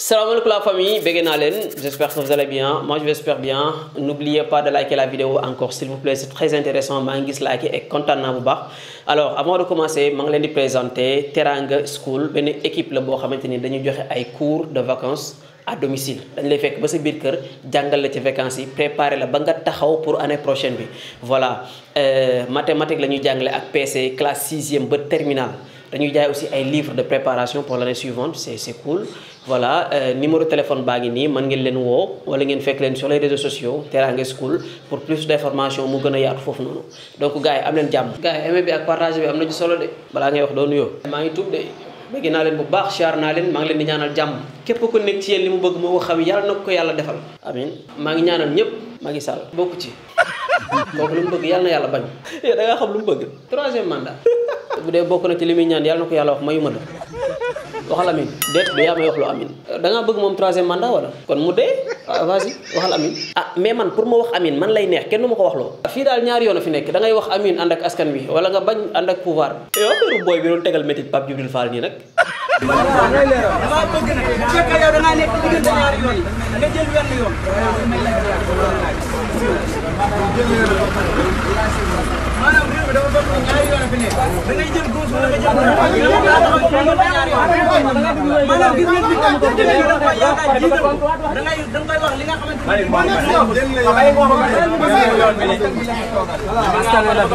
Salam alaikum la famille, j'espère que vous allez bien, moi je vais super bien, n'oubliez pas de liker la vidéo encore s'il vous plaît, c'est très intéressant, je like et content Alors avant de commencer, je vais vous présenter Terang School, une équipe qui a des cours de vacances à domicile dañ lay fekk ba sa biir kër la ci vacances yi préparer la ba nga pour année prochaine voilà euh, mathématiques nous avons ak PC classe sixième ba terminale dañuy avons aussi ay livres de préparation pour l'année suivante c'est cool voilà euh, numéro téléphone baa ngi nii mën ngeen leen woo wala ngeen fekk leen sur les réseaux sociaux School pour plus d' information mu gën a yaatu foofu noonu donc gars yi am leen jàmm gars yi aimé bi ak partage bi am na ci solo de balaa ngay wax doo nuyoo maa ngi tuub de bëgg naa leen bu baax siyaar naa leen maa ngi leen di ñaanal jàmm képp ku nekk ci yéen li mu bëgg moo ko xam yàlla na ko yàlla defal amin maa ngi ñaanal ñëpp sal. ngi sàll bokk ci kooku lu mu bëgg yàlla na yàlla bañ yow da ngaa xam lu mu bëgg troisième mandat bu dee bokk na ci li muy ñaan yàlla na ko yàlla wax la waxal amin det du yaa wax lu amin da nga bëgg moom troisième mandat wala kon mu dé ah, vas-y waxal amin ah mais man pour ma wax amin man lay neex kenn du ko wax lo fi dal ñaar yoon fi nekk da ngay wax amin ànd ak askan wi wala nga bañ ànd ak pouvoir yo yow eh, affaire booy bi doon tégal métit pap Djibril Fall ni nak damaa bëgg nag fekk maanaam réew mi dafa bokk ci ñaari yoon fi ne da ngay jël góos wala nga jël maanaam gis ngeen nit ñi da ngay da koy yaakaar jiital ko da ngay da koy wax li nga xamante ne moom la ñu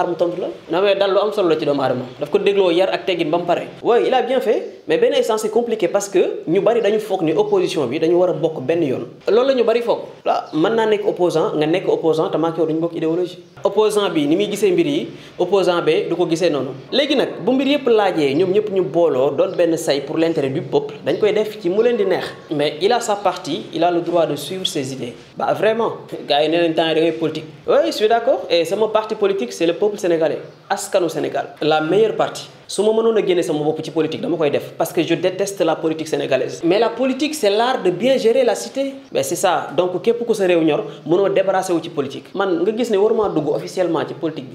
xar mu tontu la. nawet daal lu am solo la ci doomu aadama daf ko dégloo yar ak teggin ba mu pare. waaye il a bien fait mais ben essence c'est compliqué parce que ñu bari dañu fokk ni opposition bi dañu wara a bokk benn yoon loolu la ñu bari fokk ah mën naa nekk opposant nga nek opposant te maak yow duñu bokk idéologie opposant bi ni mi gisee mbir yi opposant bee du ko gisee noonu léegi nag bu mbir yëpp laajee ñom ñëpp ñu bolo don ben say pour l'intérêt du peuple dañ koy def ci mu len di neex mais il a sa partie il a le droit de suivre ses idées bah vraiment gars yi nee temps da ngay politique oui je suis d'accord et mon parti politique c'est le peuple sénégalais askanu Sénégal la meilleure partie Ce moment mënoon a sama petit politique dama koy def parce que je déteste la politique sénégalaise mais la politique c'est l'art de bien gérer la cité c'est ça donc képp ku se réunions, ñor mënoo débarrasser de la politique man nga gis ne waruma dugg officiellement politique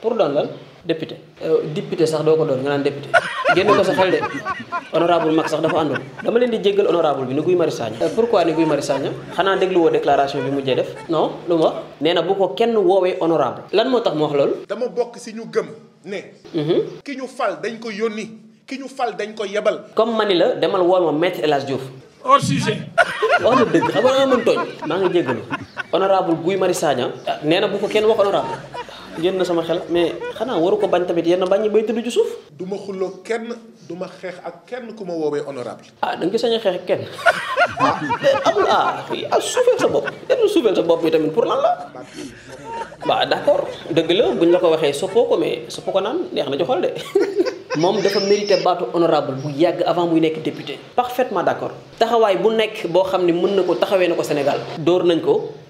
pour donner. député euh, député sax doo ko doon nga naan député génn ko sa xel de honorable mag sax dafa àndoon dama leen di jéggal honorable bi ni Guy Marius Sagna euh, pourquoi ni Guy Marius Sagna xanaa déglu woo déclaration bi mujjee def non lu mu wax nee na bu ko kenn woowee honorable lan moo tax mu wax loolu dama bokk si ñu gëm ne mhm. ki ñu fal dañ ko yónni ki ñu fal dañ ko yebal comme mani la demal wool ma maître El Hadj Diouf dëgg xam nga mën tooñ maa ngi jéggalu honorable Guy Marius Sagna nee na bu ko kenn wax honorable génn sama xel mais xanaa waru ko bañ tamit yenn bañ bay tëdd ci suuf. du ma xulloo kenn du ma xeex ak kenn ku ma woowee honorable. ah da nga ci sañ kenn ah, amul ah ah bi tamit pour lan la. waaw d'accord dëgg la buñ la ko waxee soppoo ko mais soppoo ko naan neex na joxal moom dafa mérité baatu honorable bu yàgg avant muy nekk député. parfaitement d'accord taxawaay bu nekk boo xam ne mën na ko taxawee na ko Sénégal. dóor nañ ko.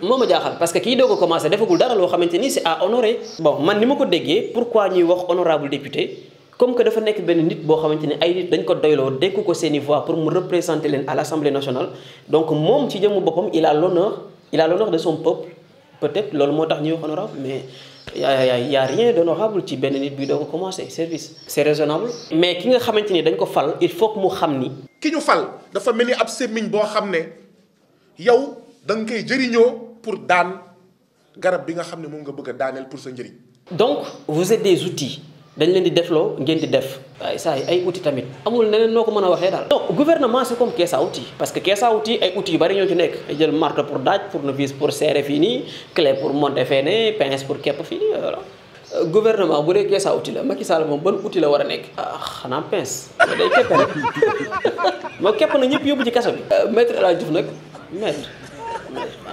moo ma jaaxal parce que ki dogo commencer defagul dara lo xamanteni c'est à honorer. bon man ni ko déggee pourquoi ñuy wax honorable député comme que dafa nek ben nit bo xamanteni ay nit dañ ko doylo dénk ko seeni voix pour mu représenter leen à l'Assemblée nationale donc mom ci jëm boppam il a l'honneur il a l'honneur de son peuple peut-être loolu motax ñuy wax honorable mais y a y a rien d'honorable ci ben nit bi dogo commencer service. c'est raisonnable mais ki nga xamanteni dañ ko fal il faut que mu xamni ki ñu fal dafa melni ni ab semmiñ boo xam yow dang kay jëriño pour dan garab bi nga xam mom nga bëgg danel pour sa njëriñ. donc vous êtes des outils dañ leen di deflo ngeen di def. ay saa ay outils tamit. amul neneen noko mëna waxé dal waxee donc gouvernement c'est comme caisse à outils. parce que caisse à outils ay outils yu bari ñoo ci nekk. ay jël marteau pour daj pour ne tournevis pour serrer fii clé pour monter fee pince pour képp fii nii voilà. Euh, gouvernement bu dé caisse à outils la Macky Sall moom ban outil la wara nekk. ah xana pince. day képp rek mo képp na ñëpp yobu ci kaso bi. Euh, maître la Hadj nak maître.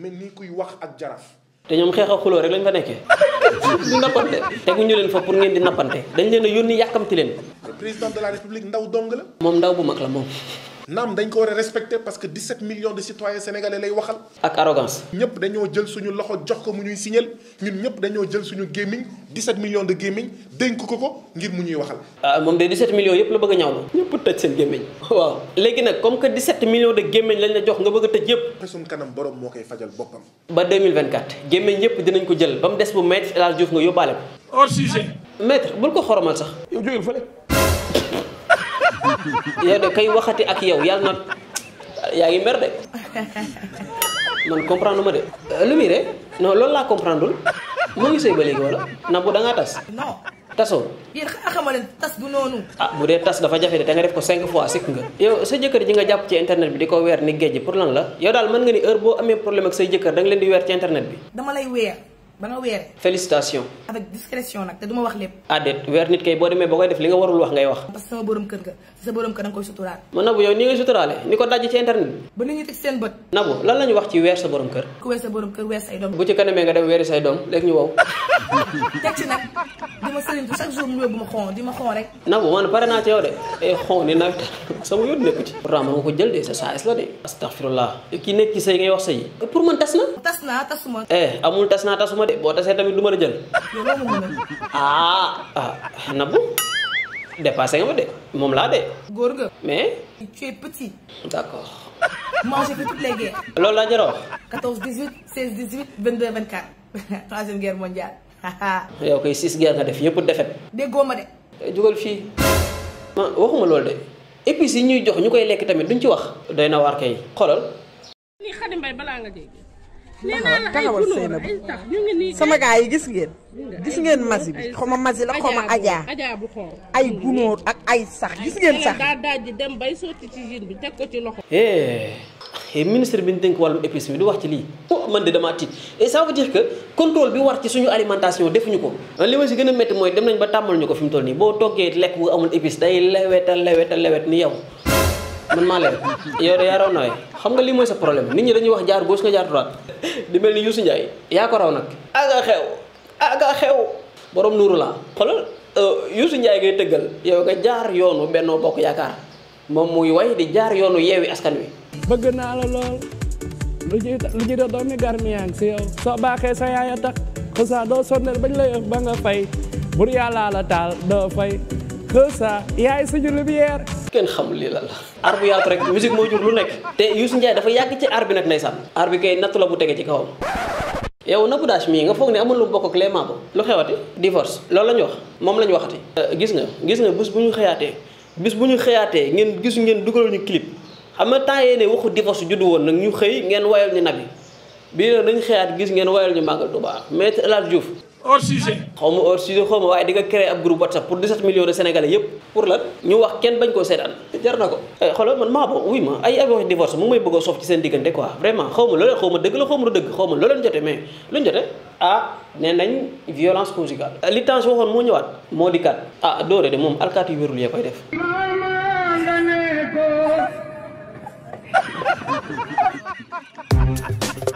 mel ni kuy wax ak jaraaf. te ñoom xeex a xuloo rek lañ fa nekkee ñu nappante teguñu leen fa pour ngeen di nappante dañ leen a yónni yàkkamti leen. président de la république ndaw dong la. moom ndaw bu mag la moom. nam dañ ko wara a respecté parce que 17 millions de citoyens sénégalais lay waxal. ak arrogance. ñëpp dañoo jël suñu loxo jox ko mu ñuy signal ñun ñëpp dañoo jël suñu gaming 17 millions de gaming denk ko ko ngir mu ñuy waxal. ah mom de 17 millions yëpp la bëgg a ñaw la. ñëpp tëj seen gaming waaw légui nak comme que 17 millions de gaming lañ la jox nga bëgg a tëj yëpp. suñu kanam borom moo koy fajal bopam ba 2024 gaming yëpp dinañ ko jël bam dess bu maître El Hadj Diouf nga yobale ko. hors sujet. maître bu ko xoromal sax. yow jógeel fële. ya de kay waxati ak yow yàlla na yaangi ngi mer de man comprendre ma de lumi muy rek non loolu laa comprendreul mo ngi sey ba wala na bu da nga tas non tasso yéen xamal leen tas du ah bu de tass dafa jafé de da nga def ko 5 fois sik nga yow sa jëkkër ji nga japp ci internet bi diko wër ni géej pour lan la yow dal man nga ni heure bo amé problème ak sa jëkkër da nga leen di wër ci internet bi dama lay wër ba nga wéré félicitations avec discrétion nak té duma wax lépp adet ah, wér nit kay bo démé bokoy def li nga warul wax ngay wax parce que sama borom kër nga sa borom kër dang koy sutural man nabu yow ni ngay suturalé ni ko dajj ci internet ba nit ñi tek seen bëtt nabu lan lañu wax ci wér sa borom kër ku wér sa borom kër wér say dom bu ci kanamé nga dem wéri say dom lek ñu waw tek ci nak dima sëriñ tu chaque jour mu yobuma xon dima xon rek nabu man paré na ci yow dé eh xon ni nawet sama yoon nekk ci pourtant man ko jël dé sa saas la dé astaghfirullah ki nek ci say ngay wax say eh, pour man tasna tasna tasuma eh amul tasna tasuma de boo tasee tamit du mën a jël. ah ah nabu? dépassé nga ma de moom laa de. góor nga. mais. tu es petit. d' accord. moi j'ai fait toutes les guerres. loolu laa jar 14 18 16 18 22 24 troisième guerre mondiale. yow koy six guerre nga def yëpp defet. déggoo ma de. jugal fii. ma waxuma loolu de épices yi ñuy jox ñu koy lekk tamit duñ ci wax. doy na waar kay. xoolal. ni Xadi Mbay balaa nga dégg sama gaa yi gis ngeen gis ngeen masi bi xoma masi la xoma ajaa ay gunóor ak ay sax gis ngeen sax dem bay sotti ci jin bi teg ko ci loxo et eh, eh, ministre bi ñu dénk wàllum épicerie di wax ci lii oh, man de damaa tiit et eh, ça veut dire que contrôle bi war ci suñu alimentation defuñu ko li ma dem nañ ba bu amul épice day leweta leweta lewet ni yow man maa leen yow de yaa raw nawee xam nga lii mooy sa problème nit ñi dañuy wax jaar gauche nga jaar droite di mel ni Youssou Ya yaa ko raw nak aga xew aga xew borom nuuru laa xoolal Youssou eh, ndjay ngay teggal yow ya, nga jaar yoonu Benno bok Yaakaar mom muy way di jaar yoonu yewi askan wi beug na la lol lu jey lu jey ya, do mi garmiyaan ci yow soo baaxee sa yaaya ko sa do sonnel bañ lay ba nga fay bur yaala la taal do fay sa yaay suñu lumière kenn xamul lii lan la aar bu yaatu rek musique moo jur lu nekk te Youssou Ndiaye dafa yàgg ci aar bi nag ndeysaan aar bi kay natt la bu tege ci kawam yow Nabou Dash mii nga foog ne amul lu bokk ak les mabo lu xewati divorce loolu la ñu wax moom la ñu waxati euh, gis nga gis nga bis bu ñu xëyaatee bis bu ñu xëyaatee ngeen gis ngeen dugalal ñu clip xam nga temps yee ne waxu divorce juddu woon nag ñu xëy ngeen wayal ñu nag bii nag dañu xëyaat gis ngeen wayal ñu màggal Tuubaa Maître El Hadji Diouf hors sujet. xaw ma hors xaw ma waaye di nga créer ab groupe WhatsApp pour 17 millions de sénégalais yëpp pour lan ñu wax kenn bañ koo seetaan jar na ko. Eh, xoolal man maa bo wuy ma ay ay waxi divorce mu ngi may bëgg a soof ci seen diggante quoi vraiment xaw ma looleen xaw ma dëgg la xaw ma lu dëgg xaw looleen jote mais luñ jote ah nee nañ violence conjugale. Ah, li waxoon moo ñëwaat moo di kat ah doore de moom alkaati wérul yee koy def. nga ne ko.